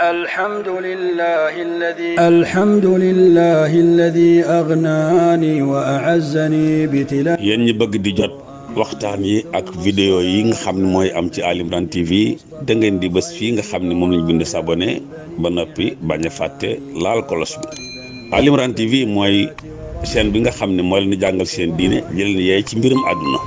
الحمد لله الذي الحمد ñi bëgg di jot waxtaan yi ak vidéo yi nga xam ne mooy am ci Ali Imran TV da ngeen di bés fii nga xam ni moom lañ bind sabone ba noppi bañ a fàtte laal kolos bi Ali Imran TV mooy chaîne bi nga xam ne mooy leen di jàngal seen diine jëleen yee ci mbirum àdduna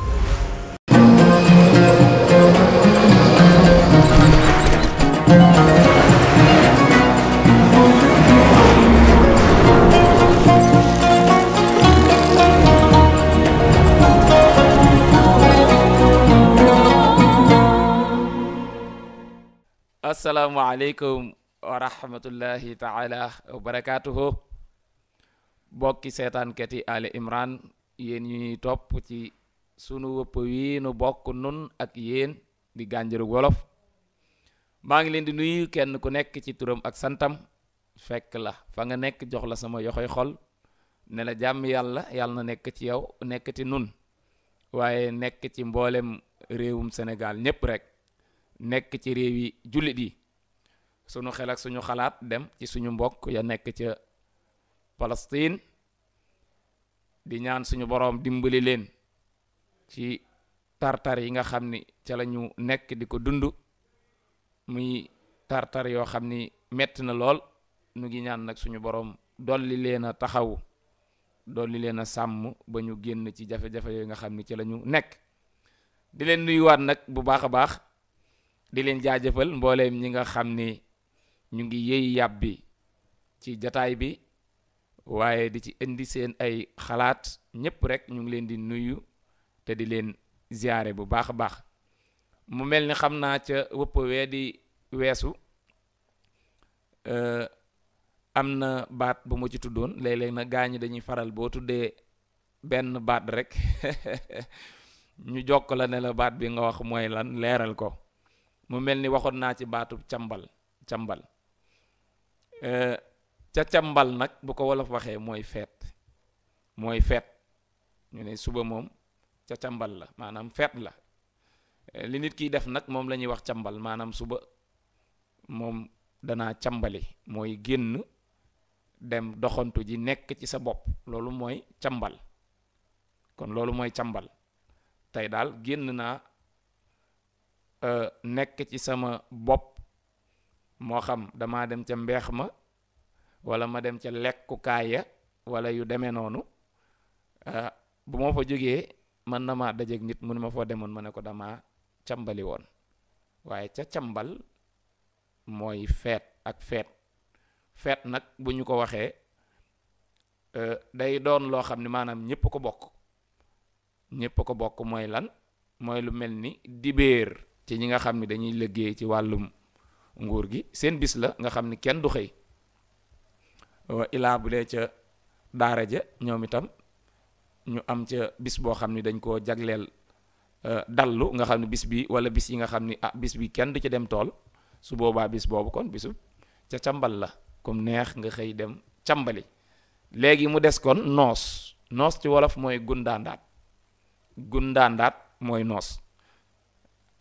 asalaamualeykum wa rahmatullahi taala wa barakaatuhu bokki seetaankat yi Ali Imran yéen ñuy topp ci sunu wëpp wi nu bokk nun ak yéen di gànjaru wolof maa ngi leen di nuyu kenn ku nekk ci turam ak santam fekk la fa nga nekk jox la sama yoxoy xol ne la jàmm yàlla yàlla na nekk ci yow nekk ti nun waaye nekk ci mboolem réewum senegal ñépp rek nekk ci réew yi jullit yi sunu xel ak suñu xalaat dem ci suñu mbokk ya nekk ca Palestine di ñaan suñu boroom dimbali leen ci tartar yi nga xam ni ca lañu nekk di ko dund muy tartar yoo xam ni metti na lool nu ngi ñaan nag suñu boroom dolli leen a taxawu dolli leen a sàmm ba ñu génn ci jafe-jafe nga xam ni ci la ñu nuyuwaat nag bu baax a baax di leen jaajëfal mbooleem ñi nga xam ni ñu ngi yëy yàbbi ci jataay bi waaye di ci indi seen ay xalaat ñépp rek ñu ngi leen di nuyu te di leen ziyaare bu baax a baax mu mel ni xam naa ca wëpp wee di weesu euh, am na baat bu ma ci tuddoon léeg-léeg na gaa dañuy faral boo tuddee benn baat rekk ñu jokk la ne la baat bi nga wax mooy lan leeral ko mu mel ni waxoon naa ci baatu càmbal càmbal euh, ca cambal nag bu ko wolof waxee mooy feet mooy feet ñu ne suba moom ca cambal la maanaam feet la euh, li nit kiy def nag moom la ñuy wax cambal maanaam suba moom danaa cambali mooy génn dem doxantu ji nekk ci sa bopp loolu mooy cambal kon loolu mooy cambal tey daal génn naa Euh, nekk ci sama bopp moo xam damaa dem ca mbeex ma wala ma dem ca lekkukaay ya wala yu demee noonu euh, bu ma fa jógee mën na maa dajeeg nit mu ne ma foo demoon ma ne ko dama cambali woon waaye ca cambal mooy feet ak feet feet nag bu ñu ko waxee euh, day doon loo xam ne maanaam ñépp ko bokk ñépp ko bokk mooy lan mooy lu mel ni dibeer ci ñi nga xam ni dañuy liggéey ci wàllum nguur gi seen bis la nga xam ni kenn du xëy euh, ilaa bu dee ca daara ja ñoom itam ñu am ca bis boo xam ni dañ koo jagleel euh, dallu nga xam ni bis bi wala bis yi nga xam ni ah bis bi kenn du ci dem tool su boobaa bis boobu kon bisu ca càmbal la comme neex nga xëy dem càmbali léegi mu des kon noos noos ci wolof mooy gundaandaat gundaandaat mooy noos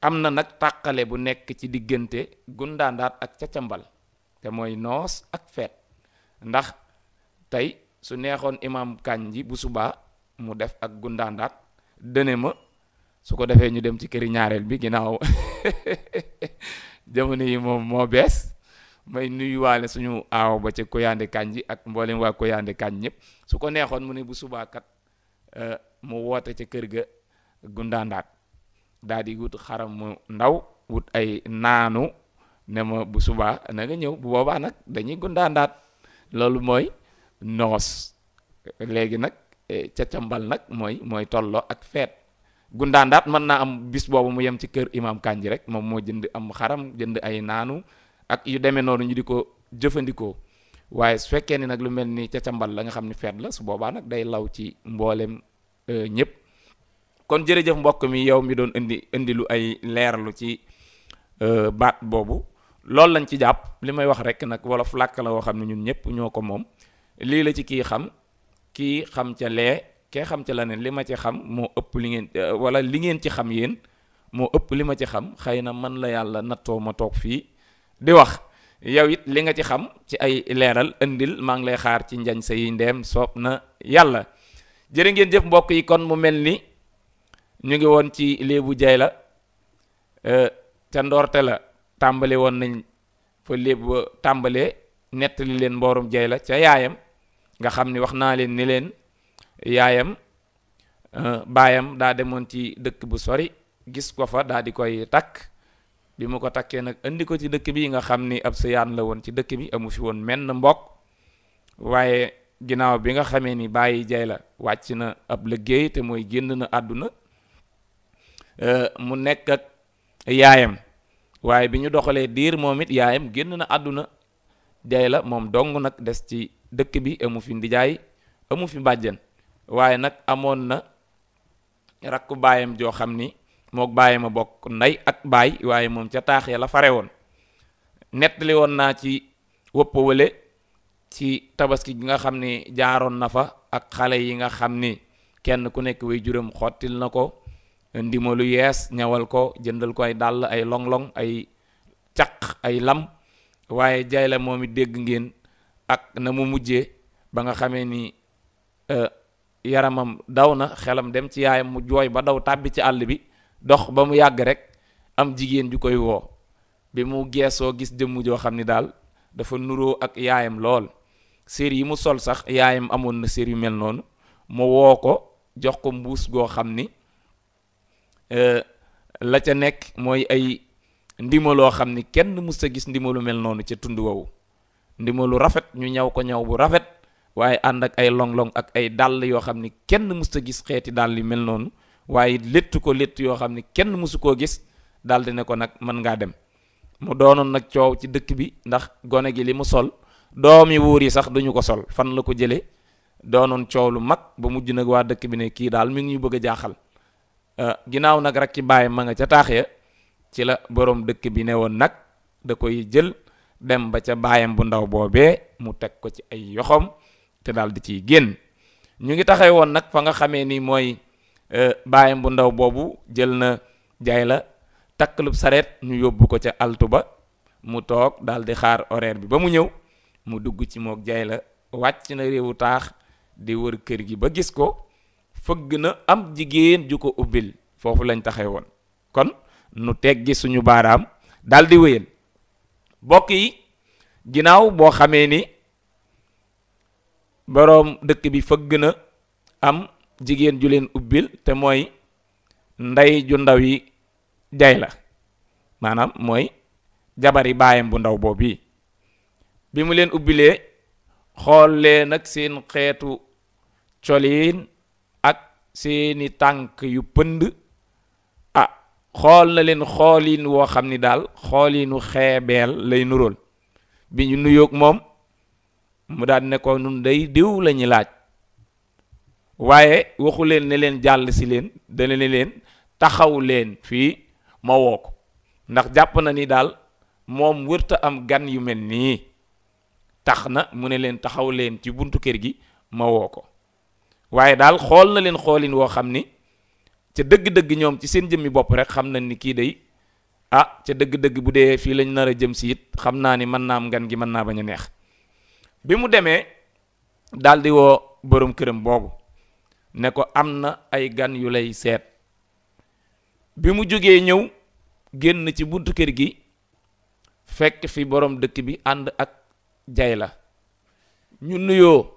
am na nag tàqale bu nekk ci diggante gundaandaat ak ca cacambal te mooy noos ak feet ndax tey su neexoon imam Kandji bu subaa mu def ak gundaandaat dëne ma su ko defee ñu dem ci kër ñaareel bi ginnaaw jamono yi moom moo bees may nuyuwaale suñu aaw ba ca Koyande Kandji ak mboolem waa Koyande Kandji ñëpp su ko neexoon mu ne bu subaakat euh, mu woote ca kër ga gundaandaat daa di wut xaram mu ndaw wut ay naanu ne ma bu subaa na nga ñëw bu boobaa nag dañuy gundaandaat loolu mooy noos léegi nag eh, cacambal nag mooy mooy tolloo ak feet gundaandaat mën naa am bis boobu mu yem ci kër imam Kanji rek moom moo jënd am xaram jënd ay naanu ak yu demee noonu ñu di ko jëfandikoo waaye su fekkee ni nag lu mel ni cacambal la nga xam ni feet la su boobaa nag day law ci mbooleem eh, ñëpp kon jërëjëf mbokk mi yow mi doon indi indi ay leerlu ci euh, baat boobu loolu lañ ci jàpp li may wax rek nag wolof làkk la woo xam ne ñun ñëpp ñoo ko moom lii la ci kii xam kii xam ca lee kee xam ca la ne li ma ci xam moo ëpp li ngeen euh, wala li ngeen ci xam yéen moo ëpp li ma ci xam xëy na man la yàlla nattoo ma toog fii di wax yow it li nga ci xam ci ay leeral indil maa ngi lay xaar ci njañ sa yi ndeem soob na yàlla jërë ngeen jëf mbokk yi kon mu mel ni ñu ngi woon ci léebu jay la euh, ca ndoorte la tàmbali woon nañ fa léebu ba tàmbalee nettali leen mboorum jay la ca yaayam nga xam ni wax naa leen ni leen yaayam euh, baayam daa demoon ci dëkk bu sori gis ko fa daa di koy takk bi mu ko takkee nag indi ko ci dëkk bi nga xam ni ab sëyaan la woon ci dëkk bi amu fi woon menn mbokk waaye ginnaaw bi nga xamee ni bàyyi jay la wàcc na ab liggéey te mooy génn na àdduna mu nekk ak yaayam waaye bi ñu doxalee diir moom it yaayam génn na àdduna jay la moom dong nag des ci dëkk bi amu fi ndijaay amu fi bàjjen waaye nag amoon na rakku baayam joo xam ni mook baayam a bokk ndey ak baay waaye moom ca taax ya la fare woon nettali woon naa ci wëpp ci tabaski gi nga xam ni jaaroon na fa ak xale yi nga xam ni kenn ku nekk way juróom xottil na ko ndimo lu yees ñawal ko jëndal ko ay dàll ay long-long ay caq ay lam waaye jaay la moom i dégg ngeen ak na mu mujje ba nga xamee ni euh, yaramam daw na xelam dem ci yaayam mu jooy ba daw tàbbi ci àll bi dox ba mu yàgg rek am jigéen ju koy woo bi mu geesoo gis jëmm joo xam ni daal dafa nuroo ak yaayam lool sér yi mu sol sax yaayam amoon na sér yu mel noonu mu woo ko jox ko mbuus goo xam ni la ca nekk mooy ay ndimo loo xam ni kenn mus a gis ndimo lu mel noonu ca tund woowu lu rafet ñu ñaw ko ñaw bu rafet waaye ànd ak ay long-long ak ay dàll yoo xam ni kenn musta gis xeeti dàll yu mel noonu waaye létt ko létt yoo xam ni kenn musu koo gis daldi ne ko nag mën ngaa dem mu doonoon nag coow ci dëkk bi ndax gone gi li mu sol doomi wuur yi sax duñu ko sol fan la ko jëlee doonoon coow lu mag ba mujj nag waa dëkk bi ne kii daal mi ngi ñu bëgg a jaaxal Euh, ginnaaw nag rak ci bàyyi ma nga ca taax ya ci la boroom dëkk bi ne woon nag da koy jël dem ba ca baayam bu ndaw boobee mu teg ko ci ay yoxoom te daldi ciy génn ñu ngi taxee woon nag fa nga xamee ni mooy euh, baayam bu ndaw boobu jël na jaay la takkalub sareet ñu yóbbu ko ca altu ba mu toog daldi xaar horaire bi ba mu ñëw mu dugg ci mook jaay la wàcc na réewu taax di wër kër gi ba gis ko fëgg na am jigéen ju ko ubbil foofu lañ taxewoon kon nu teggi suñu baaraam daldi di wéyal bokk yi ginnaaw boo xamee ni boroom dëkk bi fëgg na am jigéen ju leen ubbil te mooy nday ju ndaw yi jay la maanaam mooy jabar yi baayam bu ndaw boobu yi bi leen ubbilee xool leen ak seen xeetu coliin seeni tànk yu pënd ah xool na leen xooliin woo xam ni daal xooliinu xeebeel lay nurool bi ñu nuyoog moom mu daal ne ko nun day diw lañuy laaj waaye waxu leen ne leen jàll si leen dana ne leen taxaw leen fii ma woo ko ndax jàpp na ni daal moom wërta am gan yu mel nii tax na mu ne leen taxaw leen ci buntu kër gi ma woo ko waaye daal xool na leen xoolin woo xam ni ca dëgg-dëgg ñoom ci seen jëmmi bopp rek xam nañ ni kii day a ah, ca dëgg-dëgg bu dee fii lañ nar a jëm si it xam naa ni mën naa am ngan gi mën naa bañ a neex bi mu demee daldi woo boroom këram boobu ne ko am na ay gan yu lay seet bi mu jógee ñëw génn ci buntu kër gi fekk fi boroom dëkk bi ànd ak jay la ñu nuyoo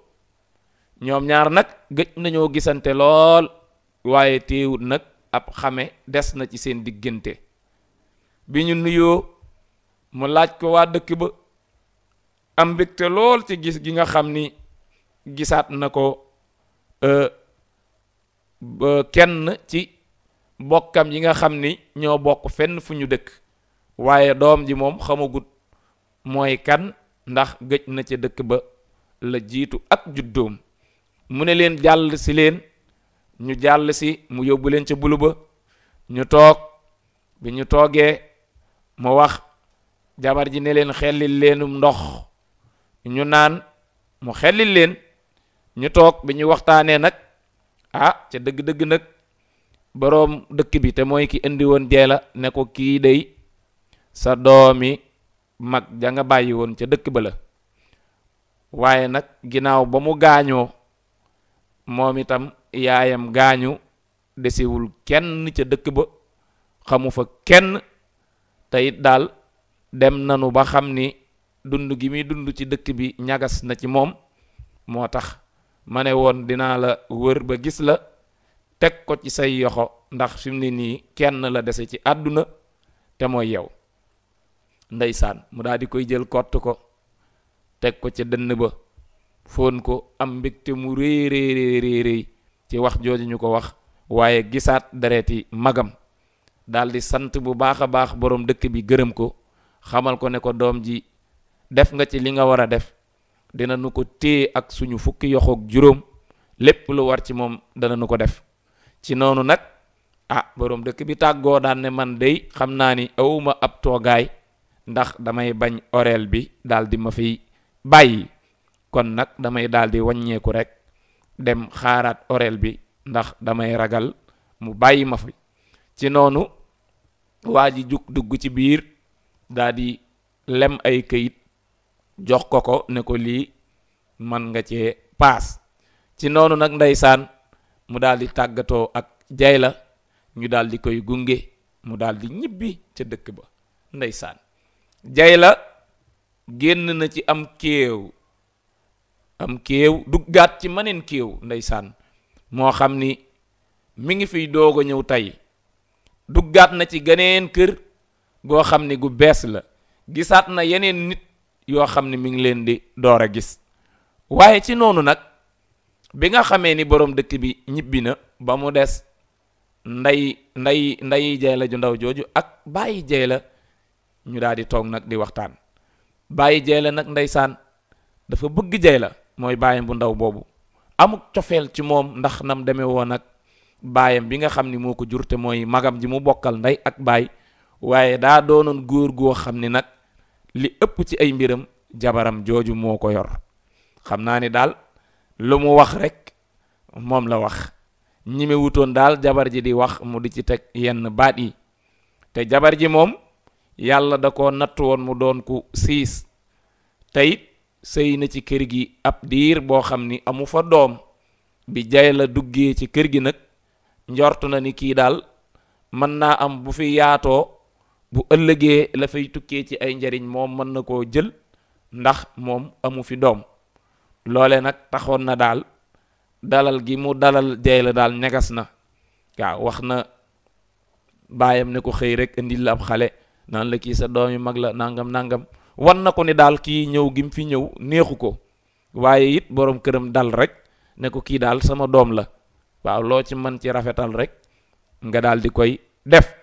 ñoom ñaar nag gëj nañoo gisante lool waaye teewut nag ab xame des na ci seen diggante bi ñu nuyoo mu laaj ko waa dëkk ba am mbégte lool ca gis gi nga xam ni gisaat na ko euh, kenn ci bokkam yi nga xam ni ñoo bokk fenn fu ñu dëkk waaye doom ji moom xamagut mooy kan ndax gëj na ca dëkk ba la jiitu ak juddoom mu ne leen jàll si leen ñu jàll si mu yóbbu leen ca bulu ba ñu toog bi ñu toogee mu wax jabar ji ne leen xellil leenum ndox ñu naan mu xellil leen ñu toog bi ñu waxtaanee nag a ah, ca dëgg-dëgg nag boroom dëkk bi te mooy ki indi woon jeela ne ko kii dey sa doomi mag ja nga bàyyi woon ca dëkk ba la waaye nag ginnaaw ba mu gaañoo moom itam yaayam gaañu desewul kenn ca dëkk ba xamu fa kenn te daal dem nanu ba xam ni dund gi muy dund ci dëkk bi ñagas na ci moom moo tax ma ne woon dinaa la wër ba gis la teg ko ci say yoxo ndax fi mu ne nii kenn la dese ci àdduna te mooy yow ndeysaan mu daal di koy jël kott ko teg ko ca dënn ba foon ko am mbégte mu réy réy réy ci wax jooju ñu ko wax waaye gisaat dereti magam daldi sant bu baax a baax boroom dëkk bi gërëm ko xamal ko ne ko doom ji def nga ci li nga war a def dina nu ko téye ak suñu fukki yoxoog juróom lépp lu war ci moom dana nu ko def ci noonu nag a ah, boroom dëkk bi tàggoo daan ne man dey xam naa ni awma ab toogaay ndax damay bañ oreel bi daldi ma fiy bàyyi kon nag damay daldi waññeeku rekk dem xaaraat oreel bi ndax damay ragal mu bàyyi ma fi ci noonu waa ji dugg ci biir daldi lem ay kayit jox ko ko ne ko lii man nga cee paas ci noonu nag ndeysaan mu daldi tàggatoo ak jayla ñu daldi koy gunge mu daldi di ñibbi ca dëkk ba ndeysaan jayla génn na ci am kéew am kéew duggaat ci meneen kéew ndeysaan moo xam ni mi ngi fiy doog a ñëw tey duggaat na ci geneen kër goo xam ni gu bees la gisaat na yeneen nit yoo xam ni mi ngi leen di door a gis waaye ci noonu nag bi nga xamee ni boroom dëkk bi ñibbi na ba mu des nday nday nday jay la ju ndaw jooju ak bàyyi jay la ñu daldi toog nag di waxtaan bàyyi jay la nag ndeysaan dafa bëgg jay la mooy baayam bu ndaw boobu amuk cofeel ci moom ndax nam demee woon ak baayam bi nga xam ni moo ko jur te mooy magam ji mu bokkal ndey ak baay waaye daa doonoon góor goo xam ni nag li ëpp ci ay mbiram jabaram jooju moo ko yor xam naa ni daal lu mu wax rekk moom la wax ñimewutoon daal jabar ji di wax mu di ci teg yenn baat yi te jabar ji moom yàlla da ko natt woon mu doon ku siis te sëy na ci kër gi ab diir boo xam ni amu fa doom bi jay la duggee ci kër gi nag njort na ni kii daal mën naa am bu fi yaatoo bu ëllëgee la fay tukkee ci ay njariñ moom mën na koo jël ndax moom amu fi doom loole nag taxoon na daal dalal gi mu dalal jay la daal ñagas na waaw wax na baayam ne ko xëy rek indil la ab xale naan la kii sa doom yi mag la nangam nangam wan na ko ni daal kii ñëw gim fi ñëw neexu ko waaye it boroom këram dal rek ne ko kii daal sama doom la waaw loo ci man ci rafetal rek nga daal di koy def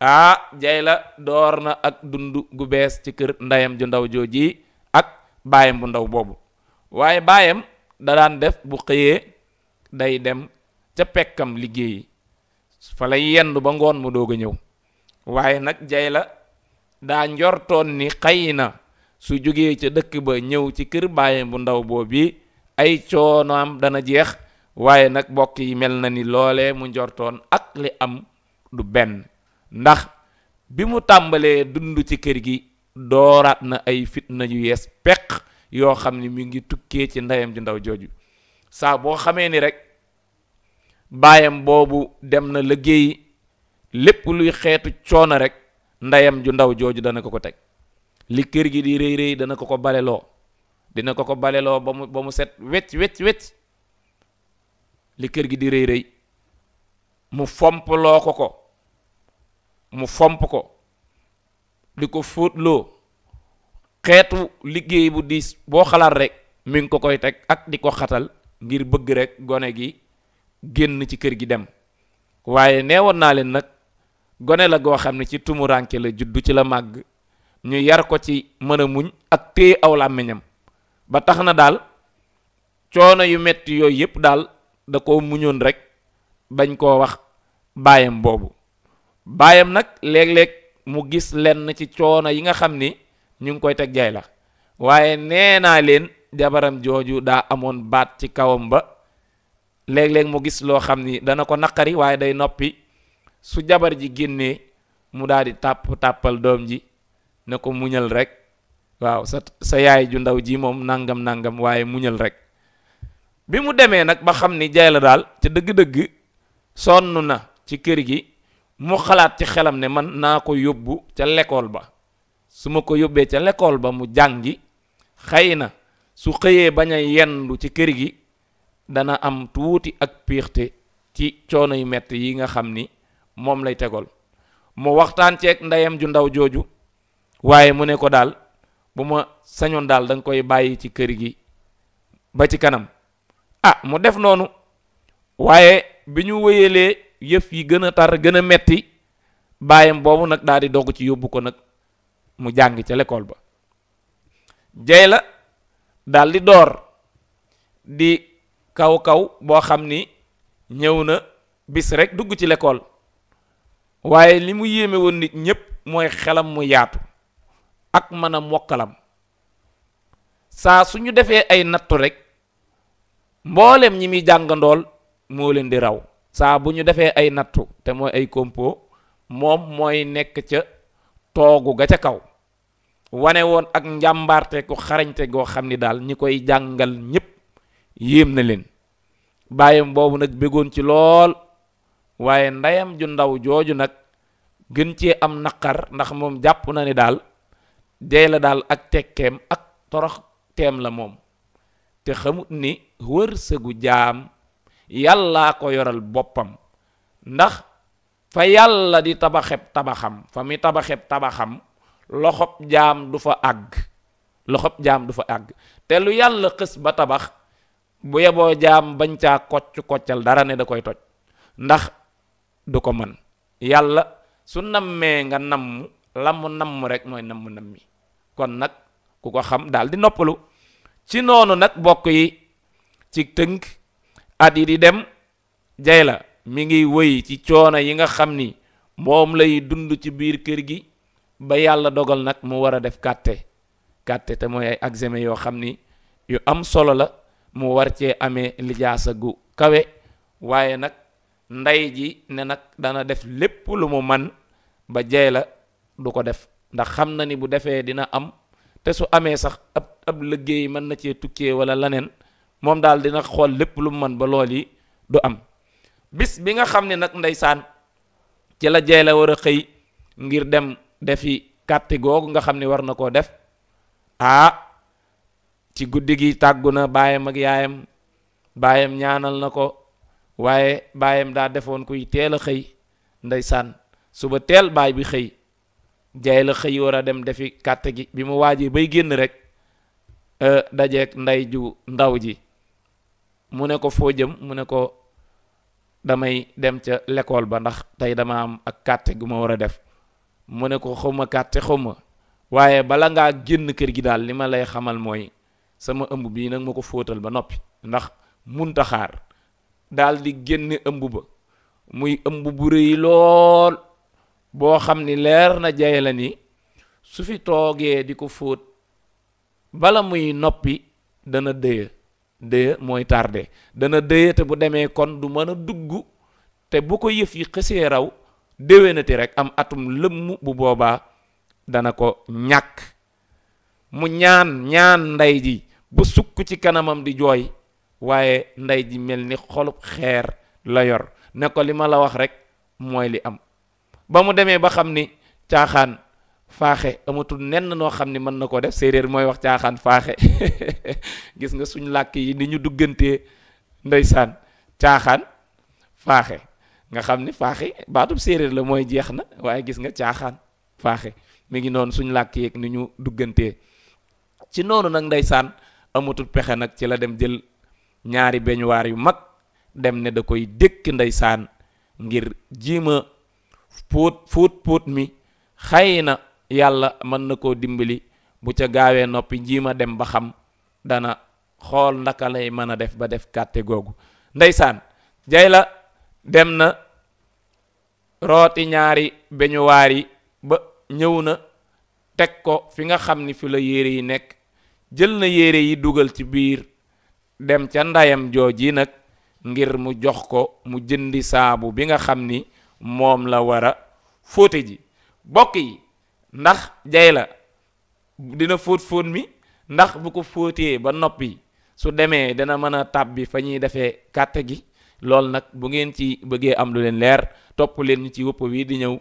aa ah, jayla door na ak dund gu bees ci kër ndeyam ju ndaw jooji ak baayam bu ndaw boobu waaye baayam da daan def bu xëyee day dem ca pekkam liggéey fa lay yendu ba ngoon mu doog a ñëw waaye nag jay daa njortoon ni xëy na su jógee ca dëkk ba ñëw ci kër baayam bu ndaw boobu ay coonam dana jeex waaye nag mbokk yi mel na ni loole mu njortoon ak li am du benn ndax bi mu tàmbalee dund ci kër gi dooraat na ay fitna yu yees peq yoo xam ni mu ngi tukkee ci ndeyam ji ndaw jooju saa boo xamee ni rekk baayam boobu dem na liggéey lépp luy xeetu coono rek ndeyam ju ndaw jooju dana ko ko teg li kër gi di rëy rëy dana ko ko baleloo dina ko ko baleloo ba mu ba mu set wecc wecc wecc li kër gi di rëy rëy mu fomploo ko ko mu fomp ko di ko fóotloo xeetu liggéey bu diis boo xalaat rek mu ngi ko koy teg ak di ko xatal ngir bëgg rek gone gi génn ci kër gi dem waaye neewoon naa leen nag gone la goo xam ne ci tumuranke la juddu ci la màgg ñu yar ko ci mën muñ ak téye aw làmmiñam ba tax na daal coono yu metti yooyu yépp daal da ko muñoon rek bañ koo wax baayam boobu baayam nag léeg-léeg mu gis lenn ci coono yi nga xam ni ñu ngi koy teg jaay la waaye nee naa leen jabaram jooju daa amoon baat ci kawam ba léeg-léeg mu gis loo xam ni dana ko naqari waaye day noppi su jabar ji génnee mu daldi tàpp tàppal doom ji ni ko muñal rekk waaw sa yaay ju ndaw ji moom nangam nangam waaye muñal rekk bi mu demee nag ba xam ni jay la daal ca dëgg-dëgg sonn na ci kër gi mu xalaat ci xelam ne man naa ko yóbbu ca lekkool ba su ma ko yóbbee ca lekkool ba mu jàngi xëy na su xëyee bañ a yendu ci kër gi dana am tuuti ak piixte ci coono yu metti yi nga xam ni moom lay tegool mu waxtaan ceeg ndeyam ju ndaw jooju waaye mu ne ko daal bu ma sañoon daal da koy bàyyi ci kër gi ba ci kanam a ah, mu def noonu waaye bi ñu wéyalee yëf yi gën a tar gën a metti baayam boobu nag daal di dogg ci yóbbu ko nag mu jàng ca l'école ba jey la daal door di kaw kaw boo xam ni ñëw na bis rek dugg ci l'école waaye li mu yéeme woon nit ñépp mooy xelam mu yaatu ak mana mokalam saa su ñu defee ay nattu rekk mboolem ñi muy jàngandool moo leen di raw saa bu ñu defee ay nattu te mooy ay kompo moom mooy nekk ca toogu ga ca kaw wane woon ak njàmbaarte ku xarañte goo xam ni daal ñi koy jàngal ñépp yéem na leen bàyyam boobu nag bëggoon ci lool waaye ndeyam ju ndaw jooju nag gën ci am naqar ndax moom jàpp na ni daal dee la daal ak tekkeem ak torox teem la moom te xamut ni wërsëgu jaam yàllaa ko yoral boppam ndax fa yàlla di tabaxeb tabaxam fa mi tabaxeb tabaxam loxob jaam du fa àgg loxob jaam du fa àgg te lu yàlla xës ba tabax bu yeboo jaam bañ caa kocc koccal dara ne da koy toj ndax du ko mën yàlla su nammee nga namm la mu namm rek mooy namm mi kon nag ku ko xam daal di noppalu ci noonu nag bokk yi ci tënk at yi di dem jay la mi ngi wëy ci coono yi nga xam ni moom lay dund ci biir kër gi ba yàlla dogal nag mu war a def kàtte kàtte te mooy ay examen yoo xam ni yu am solo la mu war cee amee lijaasa gu kawe waaye nag ndey ji ne nag dana def lépp lu mu man ba jey la du ko def ndax xam na ni bu defee dina am te su amee sax ab ab liggéey mën na cee tukkee wala leneen moom daal dina xool lépp lu mu man ba lool yi du am bis bi nga xam ne nag ndeysaan ci la jey la war a xëy ngir dem defi kàtti googu nga xam ne war na koo def ah ci guddi gi tàggu na baayam ak yaayam baayam ñaanal na ko waaye baayam daa defoon kuy teel a xëy ndeysaan suba teel baay bi xëy jaay la xëy war a dem defi kàtt gi bi mu waajee bay génn rek e, dajeek ndey ju ndaw ji mu ne ko foo jëm mu ne ko damay dem ca lekkool ba ndax tey dama am ak kàtte gu ma war a def mu ne ko xawma kàtte xawma waaye bala ngaa génn kër gi daal li ma lay xamal mooy sama ëmb bii nag ma ko fóotal ba noppi ndax munta xaar daldi di génne ëmb ba muy ëmb bu rëy lool boo xam ni leer na jay la ni su fi toogee di ko fóot bala muy noppi dana dëya dëya mooy tardé dana dëya te bu demee kon du mën a dugg te bu ko yëf yi xësee raw déwénati rekk am atum lëmm bu boobaa dana ko ñàkk mu ñaan ñaan ndey ji ba sukk ci kanamam di jooy waaye ndey ji mel ni xolub xeer la yor ne ko li ma la wax rek mooy li am ba mu demee ba xam ni caaxaan faaxe amatul nenn noo xam ni mën na ko def séeréer mooy wax caaxaan faaxe gis nga suñ làkk yi ni ñu duggantee ndeysaan caaxaan faaxe nga xam ni faaxe baatub séeréer la mooy jeex na waaye gis nga caaxaan faaxe mu ngi noonu suñ làkk yeeg ni ñu duggantee ci noonu nag ndeysaan amatul pexe nag ci la dem jël ñaari beñuwaar yu mag dem ne da koy dëkk ndeysaan ngir jiima puut fuut puut mi xay na yàlla mën na koo dimbali bu ca gaawee noppi jiima dem ba xam dana xool ndaka lay mën a def ba def kàtte googu ndeysaan jay la dem na rooti ñaari beñuwaar yi ba ñëw na teg ko fi nga xam ni fi la yére yi nekk jël na yére yi dugal ci biir dem ca ndeyam jooji nag ngir mu jox ko mu jëndi saabu bi nga xam ni moom la war a fóote ji bokk yi ndax jay la dina fóot fóot mi ndax bu ko fóotee ba noppi su demee dana mën a tàbbi fa ñuy defee kàtt gi loolu nag bu ngeen ci bëggee am lu leen leer topp leen ñu ci wëpp wii di ñëw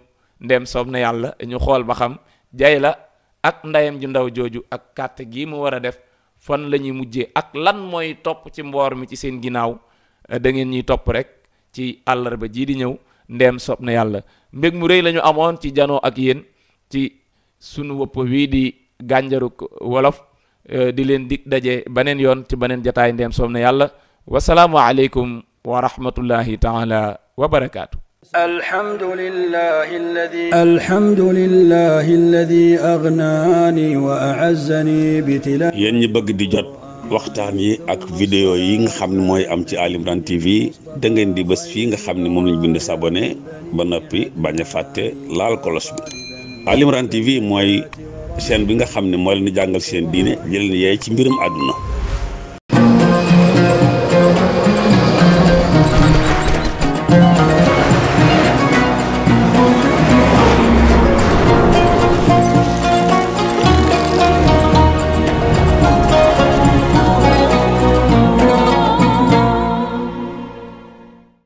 ndem soob na yàlla ñu xool ba xam jay la ak ndeyam ju ndaw jooju ak kàtt gi mu war a def fan lañuy mujje ak lan mooy topp ci mboor mi ci seen ginnaaw eh, da ngeen ñuy topp rek ci àllarba jii di ñëw ndeem sob na yàlla mbég mu rey lañu amoon ci janoo ak yéen ci sunu wëpp wii di gànjaruk wolof eh, di leen dig daje beneen yoon ci beneen jataay ndeem sob na yàlla wasalaamu aleykum wa rahmatullahi taala الحمد لله ñi bëgg di jot waxtaan yi ak vidéo yi nga xam ne mooy am ci Ali Imran TV da ngeen di bés fii nga xam ni moom lañ bind sabone ba noppi bañ a fàtte laal kolos bi Ali Imran TV mooy chaîne bi nga xam ne mooy leen di jàngal seen diine jëleen yeey ci mbirum àdduna